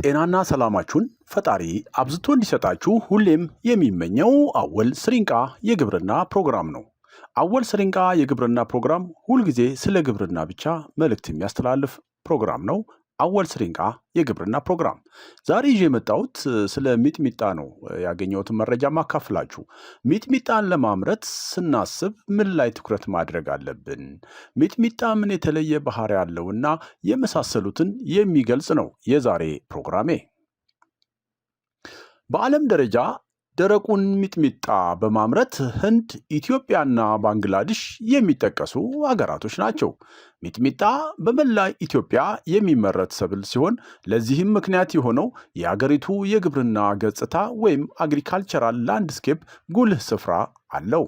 ጤናና ሰላማችሁን ፈጣሪ አብዝቶ እንዲሰጣችሁ ሁሌም የሚመኘው አወል ስሪንቃ የግብርና ፕሮግራም ነው። አወል ስሪንቃ የግብርና ፕሮግራም ሁልጊዜ ስለ ግብርና ብቻ መልእክት የሚያስተላልፍ ፕሮግራም ነው። አወል ስሪንቃ የግብርና ፕሮግራም ዛሬ ይዤ የመጣሁት ስለ ሚጥሚጣ ነው። ያገኘሁትን መረጃ ማካፍላችሁ። ሚጥሚጣን ለማምረት ስናስብ ምን ላይ ትኩረት ማድረግ አለብን? ሚጥሚጣ ምን የተለየ ባህሪ ያለውና የመሳሰሉትን የሚገልጽ ነው የዛሬ ፕሮግራሜ። በዓለም ደረጃ ደረቁን ሚጥሚጣ በማምረት ህንድ፣ ኢትዮጵያና ባንግላዴሽ የሚጠቀሱ አገራቶች ናቸው። ሚጥሚጣ በመላ ኢትዮጵያ የሚመረት ሰብል ሲሆን ለዚህም ምክንያት የሆነው የአገሪቱ የግብርና ገጽታ ወይም አግሪካልቸራል ላንድስኬፕ ጉልህ ስፍራ አለው።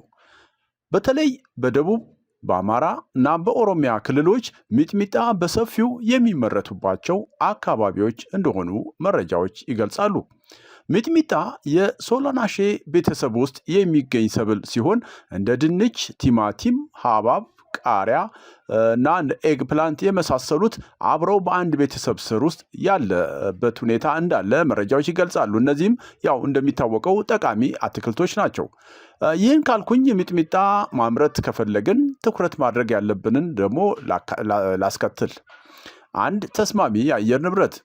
በተለይ በደቡብ በአማራ እና በኦሮሚያ ክልሎች ሚጥሚጣ በሰፊው የሚመረቱባቸው አካባቢዎች እንደሆኑ መረጃዎች ይገልጻሉ። ሚጥሚጣ የሶሎናሼ ቤተሰብ ውስጥ የሚገኝ ሰብል ሲሆን እንደ ድንች፣ ቲማቲም፣ ሀባብ ቃሪያ እና ኤግ ፕላንት የመሳሰሉት አብረው በአንድ ቤተሰብ ስር ውስጥ ያለበት ሁኔታ እንዳለ መረጃዎች ይገልጻሉ። እነዚህም ያው እንደሚታወቀው ጠቃሚ አትክልቶች ናቸው። ይህን ካልኩኝ ሚጥሚጣ ማምረት ከፈለግን ትኩረት ማድረግ ያለብንን ደግሞ ላስከትል። አንድ ተስማሚ የአየር ንብረት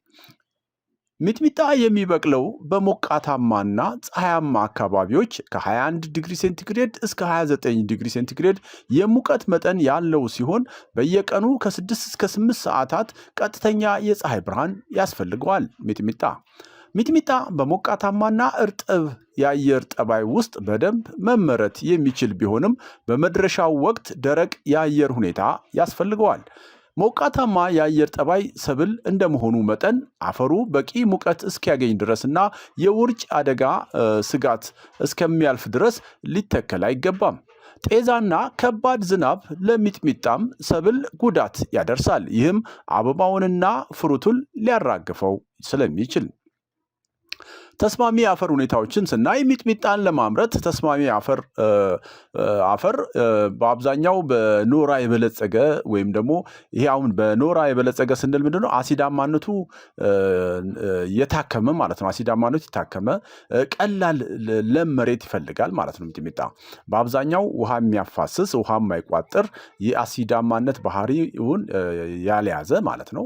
ሚጥሚጣ የሚበቅለው በሞቃታማና ፀሐያማ አካባቢዎች ከ21 ዲግሪ ሴንቲግሬድ እስከ 29 ዲግሪ ሴንቲግሬድ የሙቀት መጠን ያለው ሲሆን በየቀኑ ከ6 እስከ 8 ሰዓታት ቀጥተኛ የፀሐይ ብርሃን ያስፈልገዋል። ሚጥሚጣ ሚጥሚጣ በሞቃታማና እርጥብ የአየር ጠባይ ውስጥ በደንብ መመረት የሚችል ቢሆንም በመድረሻው ወቅት ደረቅ የአየር ሁኔታ ያስፈልገዋል። ሞቃታማ የአየር ጠባይ ሰብል እንደመሆኑ መጠን አፈሩ በቂ ሙቀት እስኪያገኝ ድረስና የውርጭ አደጋ ስጋት እስከሚያልፍ ድረስ ሊተከል አይገባም። ጤዛና ከባድ ዝናብ ለሚጥሚጣም ሰብል ጉዳት ያደርሳል። ይህም አበባውንና ፍሩቱን ሊያራግፈው ስለሚችል ተስማሚ የአፈር ሁኔታዎችን ስናይ ሚጥሚጣን ለማምረት ተስማሚ አፈር አፈር በአብዛኛው በኖራ የበለጸገ ወይም ደግሞ ይሄ አሁን በኖራ የበለጸገ ስንል ምንድን ነው? አሲዳማነቱ የታከመ ማለት ነው። አሲዳማነቱ የታከመ ቀላል ለም መሬት ይፈልጋል ማለት ነው። ሚጥሚጣ በአብዛኛው ውሃ የሚያፋስስ ውሃ የማይቋጥር የአሲዳማነት ባህሪውን ያልያዘ ማለት ነው።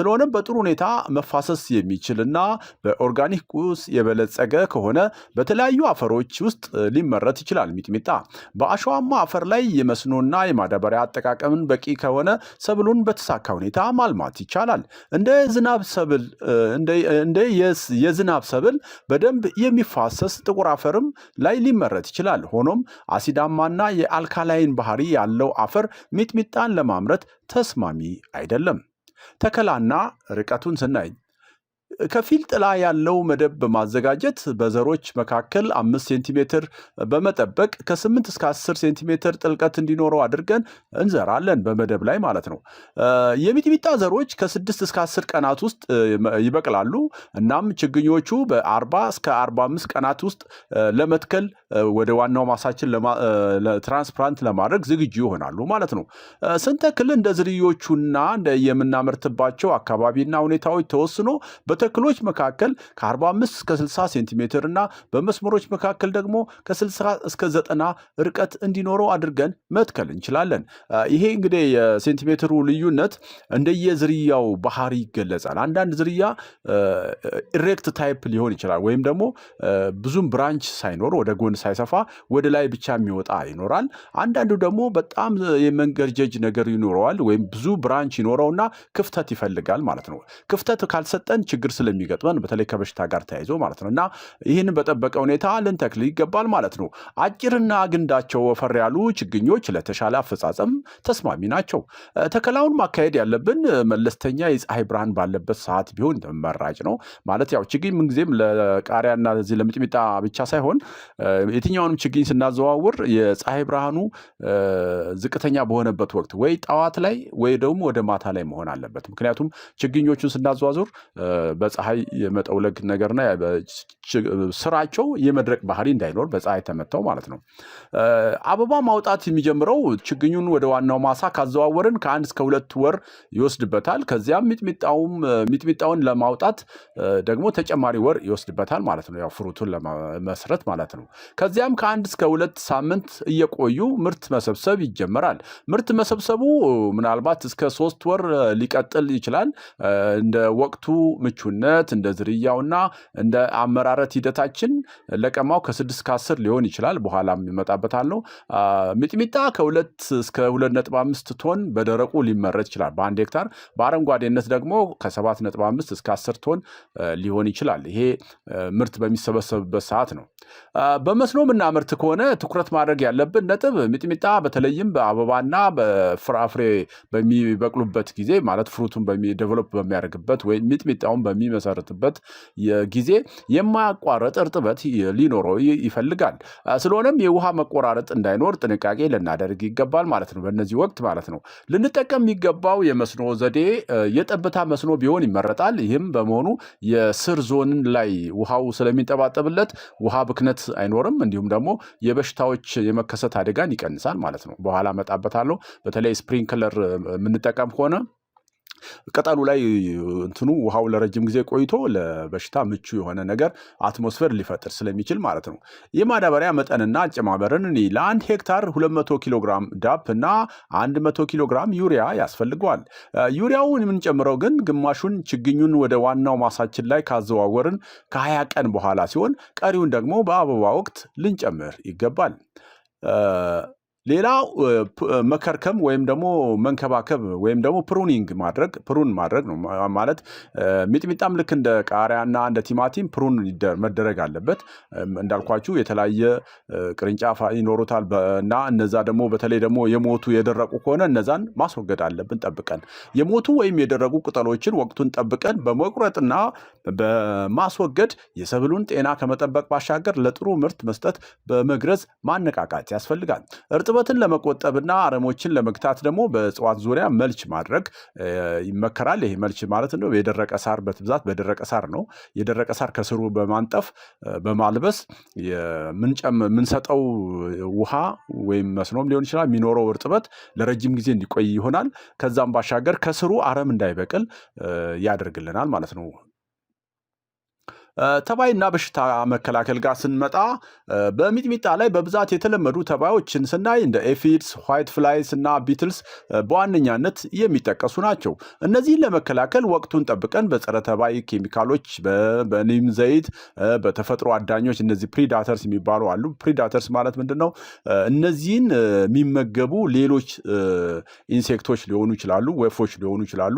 ስለሆነም በጥሩ ሁኔታ መፋሰስ የሚችል እና በኦርጋኒክ ቅዱስ የበለጸገ ከሆነ በተለያዩ አፈሮች ውስጥ ሊመረት ይችላል። ሚጥሚጣ በአሸዋማ አፈር ላይ የመስኖና የማዳበሪያ አጠቃቀምን በቂ ከሆነ ሰብሉን በተሳካ ሁኔታ ማልማት ይቻላል። እንደ ዝናብ ሰብል እንደ የዝናብ ሰብል በደንብ የሚፋሰስ ጥቁር አፈርም ላይ ሊመረት ይችላል። ሆኖም አሲዳማና የአልካላይን ባህሪ ያለው አፈር ሚጥሚጣን ለማምረት ተስማሚ አይደለም። ተከላና ርቀቱን ስናይ ከፊል ጥላ ያለው መደብ በማዘጋጀት በዘሮች መካከል አምስት ሴንቲሜትር በመጠበቅ ከ8 እስከ 10 ሴንቲሜትር ጥልቀት እንዲኖረው አድርገን እንዘራለን። በመደብ ላይ ማለት ነው። የሚጥሚጣ ዘሮች ከ6 እስከ 10 ቀናት ውስጥ ይበቅላሉ። እናም ችግኞቹ በ40 እስከ 45 ቀናት ውስጥ ለመትከል ወደ ዋናው ማሳችን ትራንስፕላንት ለማድረግ ዝግጁ ይሆናሉ ማለት ነው። ስንተክል እንደ ዝርዮቹና የምናመርትባቸው አካባቢና ሁኔታዎች ተወስኖ በተ ተክሎች መካከል ከ45 እስከ 60 ሴንቲሜትር እና በመስመሮች መካከል ደግሞ ከ60 እስከ 90 ርቀት እንዲኖረው አድርገን መትከል እንችላለን። ይሄ እንግዲህ የሴንቲሜትሩ ልዩነት እንደየዝርያው ባህሪ ይገለጻል። አንዳንድ ዝርያ ኢሬክት ታይፕ ሊሆን ይችላል ወይም ደግሞ ብዙም ብራንች ሳይኖር ወደ ጎን ሳይሰፋ ወደ ላይ ብቻ የሚወጣ ይኖራል። አንዳንዱ ደግሞ በጣም የመንገርጀጅ ነገር ይኖረዋል ወይም ብዙ ብራንች ይኖረውና ክፍተት ይፈልጋል ማለት ነው። ክፍተት ካልሰጠን ችግር ስለሚገጥመን በተለይ ከበሽታ ጋር ተያይዞ ማለት ነው እና ይህን በጠበቀ ሁኔታ ልንተክል ይገባል ማለት ነው። አጭርና ግንዳቸው ወፈር ያሉ ችግኞች ለተሻለ አፈጻጸም ተስማሚ ናቸው። ተከላውን ማካሄድ ያለብን መለስተኛ የፀሐይ ብርሃን ባለበት ሰዓት ቢሆን ተመራጭ ነው። ማለት ያው ችግኝ ምንጊዜም ለቃሪያና ለዚህ ለሚጥሚጣ ብቻ ሳይሆን የትኛውንም ችግኝ ስናዘዋውር የፀሐይ ብርሃኑ ዝቅተኛ በሆነበት ወቅት ወይ ጠዋት ላይ ወይ ደግሞ ወደ ማታ ላይ መሆን አለበት። ምክንያቱም ችግኞቹን ስናዘዋዙር በፀሐይ የመጠውለግ ነገርና ስራቸው የመድረቅ ባህሪ እንዳይኖር በፀሐይ ተመተው ማለት ነው። አበባ ማውጣት የሚጀምረው ችግኙን ወደ ዋናው ማሳ ካዘዋወርን ከአንድ እስከ ሁለት ወር ይወስድበታል። ከዚያም ሚጥሚጣውን ለማውጣት ደግሞ ተጨማሪ ወር ይወስድበታል ማለት ነው። ያው ፍሩቱን ለመስረት ማለት ነው። ከዚያም ከአንድ እስከ ሁለት ሳምንት እየቆዩ ምርት መሰብሰብ ይጀመራል። ምርት መሰብሰቡ ምናልባት እስከ ሶስት ወር ሊቀጥል ይችላል እንደ ወቅቱ ምቹ ማንነት፣ እንደ ዝርያውና እንደ አመራረት ሂደታችን ለቀማው ከስድስት ከአስር ሊሆን ይችላል። በኋላም ይመጣበታል ነው። ሚጥሚጣ ከሁለት እስከ ሁለት ነጥብ አምስት ቶን በደረቁ ሊመረት ይችላል በአንድ ሄክታር። በአረንጓዴነት ደግሞ ከሰባት ነጥብ አምስት እስከ አስር ቶን ሊሆን ይችላል። ይሄ ምርት በሚሰበሰብበት ሰዓት ነው። በመስኖ ምናምርት ከሆነ ትኩረት ማድረግ ያለብን ነጥብ ሚጥሚጣ በተለይም በአበባና በፍራፍሬ በሚበቅሉበት ጊዜ ማለት ፍሩቱን ዴቨሎፕ በሚያደርግበት ወይም ሚጥሚጣውን በሚ የሚመሰርትበት ጊዜ የማያቋረጥ እርጥበት ሊኖረው ይፈልጋል። ስለሆነም የውሃ መቆራረጥ እንዳይኖር ጥንቃቄ ልናደርግ ይገባል ማለት ነው። በእነዚህ ወቅት ማለት ነው። ልንጠቀም የሚገባው የመስኖ ዘዴ የጠብታ መስኖ ቢሆን ይመረጣል። ይህም በመሆኑ የስር ዞን ላይ ውሃው ስለሚንጠባጠብለት ውሃ ብክነት አይኖርም። እንዲሁም ደግሞ የበሽታዎች የመከሰት አደጋን ይቀንሳል ማለት ነው። በኋላ እመጣበታለሁ። በተለይ ስፕሪንክለር የምንጠቀም ከሆነ ቅጠሉ ላይ እንትኑ ውሃው ለረጅም ጊዜ ቆይቶ ለበሽታ ምቹ የሆነ ነገር አትሞስፌር ሊፈጥር ስለሚችል ማለት ነው። የማዳበሪያ መጠንና አጨማመርን እኔ ለአንድ ሄክታር 200 ኪሎ ግራም ዳፕ እና 100 ኪሎ ግራም ዩሪያ ያስፈልገዋል። ዩሪያውን የምንጨምረው ግን ግማሹን ችግኙን ወደ ዋናው ማሳችን ላይ ካዘዋወርን ከ20 ቀን በኋላ ሲሆን ቀሪውን ደግሞ በአበባ ወቅት ልንጨምር ይገባል። ሌላው መከርከም ወይም ደግሞ መንከባከብ ወይም ደግሞ ፕሩኒንግ ማድረግ ፕሩን ማድረግ ነው። ማለት ሚጥሚጣም ልክ እንደ ቃሪያና እንደ ቲማቲም ፕሩን መደረግ አለበት። እንዳልኳችሁ የተለያየ ቅርንጫፍ ይኖሩታል እና እነዛ ደግሞ በተለይ ደግሞ የሞቱ የደረቁ ከሆነ እነዛን ማስወገድ አለብን ጠብቀን የሞቱ ወይም የደረቁ ቅጠሎችን ወቅቱን ጠብቀን በመቁረጥና በማስወገድ የሰብሉን ጤና ከመጠበቅ ባሻገር ለጥሩ ምርት መስጠት በመግረዝ ማነቃቃት ያስፈልጋል። እርጥበትን ለመቆጠብና አረሞችን ለመግታት ደግሞ በእጽዋት ዙሪያ መልች ማድረግ ይመከራል። ይሄ መልች ማለት ነው የደረቀ ሳር በትብዛት በደረቀ ሳር ነው። የደረቀ ሳር ከስሩ በማንጠፍ በማልበስ የምንሰጠው ውሃ ወይም መስኖም ሊሆን ይችላል የሚኖረው እርጥበት ለረጅም ጊዜ እንዲቆይ ይሆናል። ከዛም ባሻገር ከስሩ አረም እንዳይበቅል ያደርግልናል ማለት ነው። ተባይና በሽታ መከላከል ጋር ስንመጣ በሚጥሚጣ ላይ በብዛት የተለመዱ ተባዮችን ስናይ እንደ ኤፊድስ፣ ዋይት ፍላይስ እና ቢትልስ በዋነኛነት የሚጠቀሱ ናቸው። እነዚህን ለመከላከል ወቅቱን ጠብቀን በጸረ ተባይ ኬሚካሎች፣ በኒም ዘይት፣ በተፈጥሮ አዳኞች እነዚህ ፕሪዳተርስ የሚባሉ አሉ። ፕሪዳተርስ ማለት ምንድን ነው? እነዚህን የሚመገቡ ሌሎች ኢንሴክቶች ሊሆኑ ይችላሉ፣ ወፎች ሊሆኑ ይችላሉ።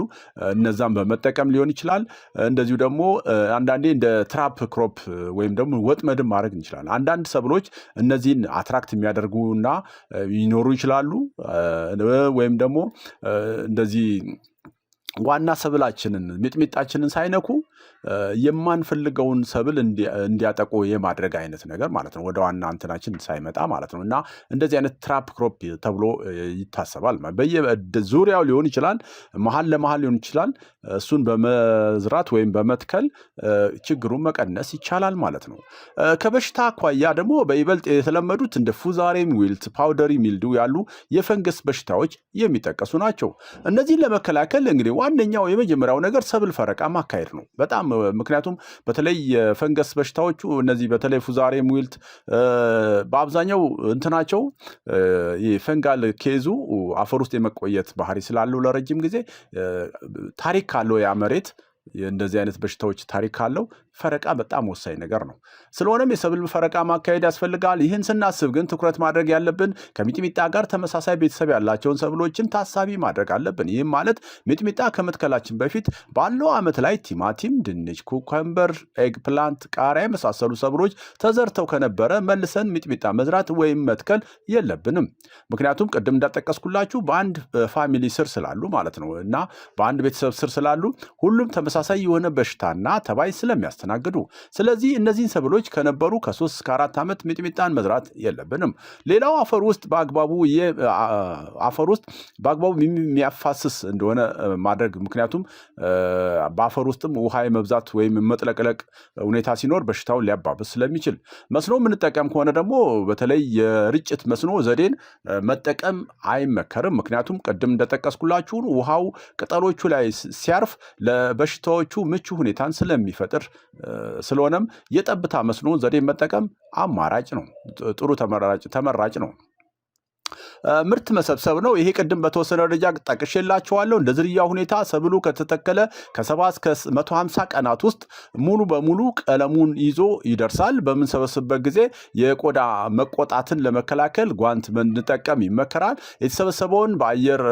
እነዛን በመጠቀም ሊሆን ይችላል። እንደዚሁ ደግሞ አንዳንዴ እንደ ትራፕ ክሮፕ ወይም ደግሞ ወጥመድን ማድረግ እንችላለን። አንዳንድ ሰብሎች እነዚህን አትራክት የሚያደርጉና ይኖሩ ይችላሉ ወይም ደግሞ እንደዚህ ዋና ሰብላችንን ሚጥሚጣችንን ሳይነኩ የማንፈልገውን ሰብል እንዲያጠቁ የማድረግ አይነት ነገር ማለት ነው። ወደ ዋና እንትናችን ሳይመጣ ማለት ነው። እና እንደዚህ አይነት ትራፕ ክሮፕ ተብሎ ይታሰባል። በየዙሪያው ሊሆን ይችላል፣ መሀል ለመሀል ሊሆን ይችላል። እሱን በመዝራት ወይም በመትከል ችግሩን መቀነስ ይቻላል ማለት ነው። ከበሽታ አኳያ ደግሞ በይበልጥ የተለመዱት እንደ ፉዛሬም ዊልት፣ ፓውደሪ ሚልዱ ያሉ የፈንገስ በሽታዎች የሚጠቀሱ ናቸው። እነዚህን ለመከላከል እንግዲህ ዋነኛው የመጀመሪያው ነገር ሰብል ፈረቃ ማካሄድ ነው። በጣም ምክንያቱም በተለይ የፈንገስ በሽታዎቹ እነዚህ በተለይ ፉዛሬ፣ ዊልት በአብዛኛው እንትናቸው ፈንጋል ኬዙ አፈር ውስጥ የመቆየት ባህሪ ስላለው ለረጅም ጊዜ ታሪክ ካለው ያ መሬት እንደዚህ አይነት በሽታዎች ታሪክ ካለው ፈረቃ በጣም ወሳኝ ነገር ነው። ስለሆነም የሰብል ፈረቃ ማካሄድ ያስፈልጋል። ይህን ስናስብ ግን ትኩረት ማድረግ ያለብን ከሚጥሚጣ ጋር ተመሳሳይ ቤተሰብ ያላቸውን ሰብሎችን ታሳቢ ማድረግ አለብን። ይህም ማለት ሚጥሚጣ ከመትከላችን በፊት ባለው ዓመት ላይ ቲማቲም፣ ድንች፣ ኩከምበር፣ ኤግ ፕላንት፣ ቃሪያ የመሳሰሉ ሰብሎች ተዘርተው ከነበረ መልሰን ሚጥሚጣ መዝራት ወይም መትከል የለብንም። ምክንያቱም ቅድም እንዳጠቀስኩላችሁ በአንድ ፋሚሊ ስር ስላሉ ማለት ነው እና በአንድ ቤተሰብ ስር ስላሉ ሁሉም ተመሳሳይ የሆነ በሽታና ተባይ ስለሚያስተ እንዳያስተናግዱ። ስለዚህ እነዚህን ሰብሎች ከነበሩ ከሶስት እስከ አራት ዓመት ሚጥሚጣን መዝራት የለብንም። ሌላው አፈር ውስጥ በአግባቡ አፈር ውስጥ በአግባቡ የሚያፋስስ እንደሆነ ማድረግ ምክንያቱም በአፈር ውስጥም ውሃ የመብዛት ወይም መጥለቅለቅ ሁኔታ ሲኖር በሽታውን ሊያባብስ ስለሚችል መስኖ የምንጠቀም ከሆነ ደግሞ በተለይ የርጭት መስኖ ዘዴን መጠቀም አይመከርም። ምክንያቱም ቅድም እንደጠቀስኩላችሁን ውሃው ቅጠሎቹ ላይ ሲያርፍ ለበሽታዎቹ ምቹ ሁኔታን ስለሚፈጥር ስለሆነም የጠብታ መስኖ ዘዴ መጠቀም አማራጭ ነው፣ ጥሩ ተመራጭ ነው። ምርት መሰብሰብ ነው። ይሄ ቅድም በተወሰነ ደረጃ ጠቅሼላችኋለሁ። እንደ ዝርያ ሁኔታ ሰብሉ ከተተከለ ከሰባ እስከ መቶ ሃምሳ ቀናት ውስጥ ሙሉ በሙሉ ቀለሙን ይዞ ይደርሳል። በምንሰበስብበት ጊዜ የቆዳ መቆጣትን ለመከላከል ጓንት ብንጠቀም ይመከራል። የተሰበሰበውን በአየር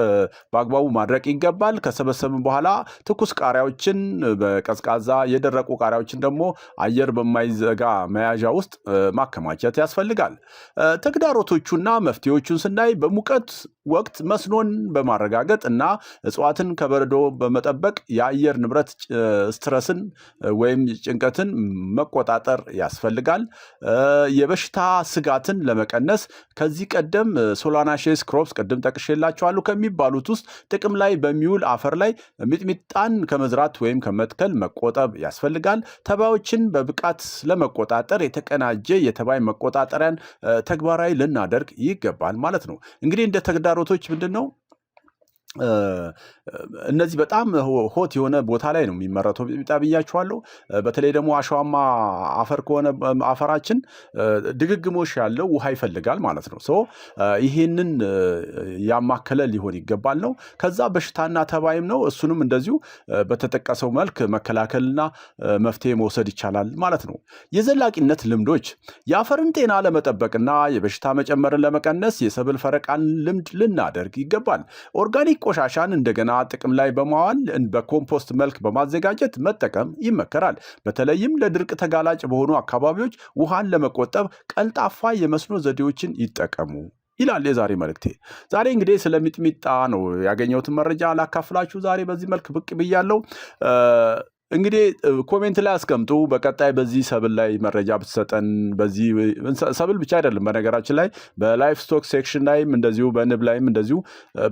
በአግባቡ ማድረቅ ይገባል። ከሰበሰብን በኋላ ትኩስ ቃሪያዎችን በቀዝቃዛ የደረቁ ቃሪያዎችን ደግሞ አየር በማይዘጋ መያዣ ውስጥ ማከማቸት ያስፈልጋል። ተግዳሮቶቹና መፍትሄዎቹን ስናይ በሙቀት ወቅት መስኖን በማረጋገጥ እና እጽዋትን ከበረዶ በመጠበቅ የአየር ንብረት ስትረስን ወይም ጭንቀትን መቆጣጠር ያስፈልጋል። የበሽታ ስጋትን ለመቀነስ ከዚህ ቀደም ሶላናሼስ ክሮፕስ ቅድም ጠቅሼላችኋለሁ ከሚባሉት ውስጥ ጥቅም ላይ በሚውል አፈር ላይ ሚጥሚጣን ከመዝራት ወይም ከመትከል መቆጠብ ያስፈልጋል። ተባዮችን በብቃት ለመቆጣጠር የተቀናጀ የተባይ መቆጣጠሪያን ተግባራዊ ልናደርግ ይገባል ማለት ማለት ነው። እንግዲህ እንደ ተግዳሮቶች ምንድን ነው እነዚህ በጣም ሆት የሆነ ቦታ ላይ ነው የሚመረተው ብያችኋለሁ። በተለይ ደግሞ አሸዋማ አፈር ከሆነ አፈራችን ድግግሞሽ ያለው ውሃ ይፈልጋል ማለት ነው። ሶ ይሄንን ያማከለ ሊሆን ይገባል ነው። ከዛ በሽታና ተባይም ነው። እሱንም እንደዚሁ በተጠቀሰው መልክ መከላከልና መፍትሄ መውሰድ ይቻላል ማለት ነው። የዘላቂነት ልምዶች የአፈርን ጤና ለመጠበቅና የበሽታ መጨመርን ለመቀነስ የሰብል ፈረቃን ልምድ ልናደርግ ይገባል። ኦርጋኒክ ቆሻሻን እንደገና ጥቅም ላይ በማዋል በኮምፖስት መልክ በማዘጋጀት መጠቀም ይመከራል። በተለይም ለድርቅ ተጋላጭ በሆኑ አካባቢዎች ውሃን ለመቆጠብ ቀልጣፋ የመስኖ ዘዴዎችን ይጠቀሙ ይላል የዛሬ መልእክቴ። ዛሬ እንግዲህ ስለ ሚጥሚጣ ነው ያገኘሁትን መረጃ ላካፍላችሁ። ዛሬ በዚህ መልክ ብቅ ብያለሁ። እንግዲህ ኮሜንት ላይ አስቀምጡ። በቀጣይ በዚህ ሰብል ላይ መረጃ ብትሰጠን። በዚህ ሰብል ብቻ አይደለም፣ በነገራችን ላይ በላይፍ ስቶክ ሴክሽን ላይም እንደዚሁ በንብ ላይም እንደዚሁ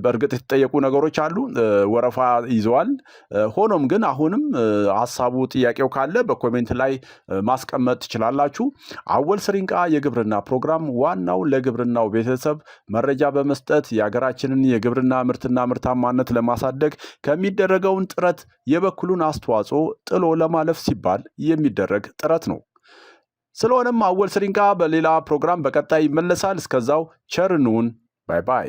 በእርግጥ የተጠየቁ ነገሮች አሉ፣ ወረፋ ይዘዋል። ሆኖም ግን አሁንም ሀሳቡ ጥያቄው ካለ በኮሜንት ላይ ማስቀመጥ ትችላላችሁ። አወል ስሪንቃ የግብርና ፕሮግራም ዋናው ለግብርናው ቤተሰብ መረጃ በመስጠት የሀገራችንን የግብርና ምርትና ምርታማነት ለማሳደግ ከሚደረገውን ጥረት የበኩሉን አስተዋጽኦ ጥሎ ለማለፍ ሲባል የሚደረግ ጥረት ነው። ስለሆነም አወል ስሪንቃ በሌላ ፕሮግራም በቀጣይ ይመለሳል። እስከዛው ቸርኑን ባይ ባይ።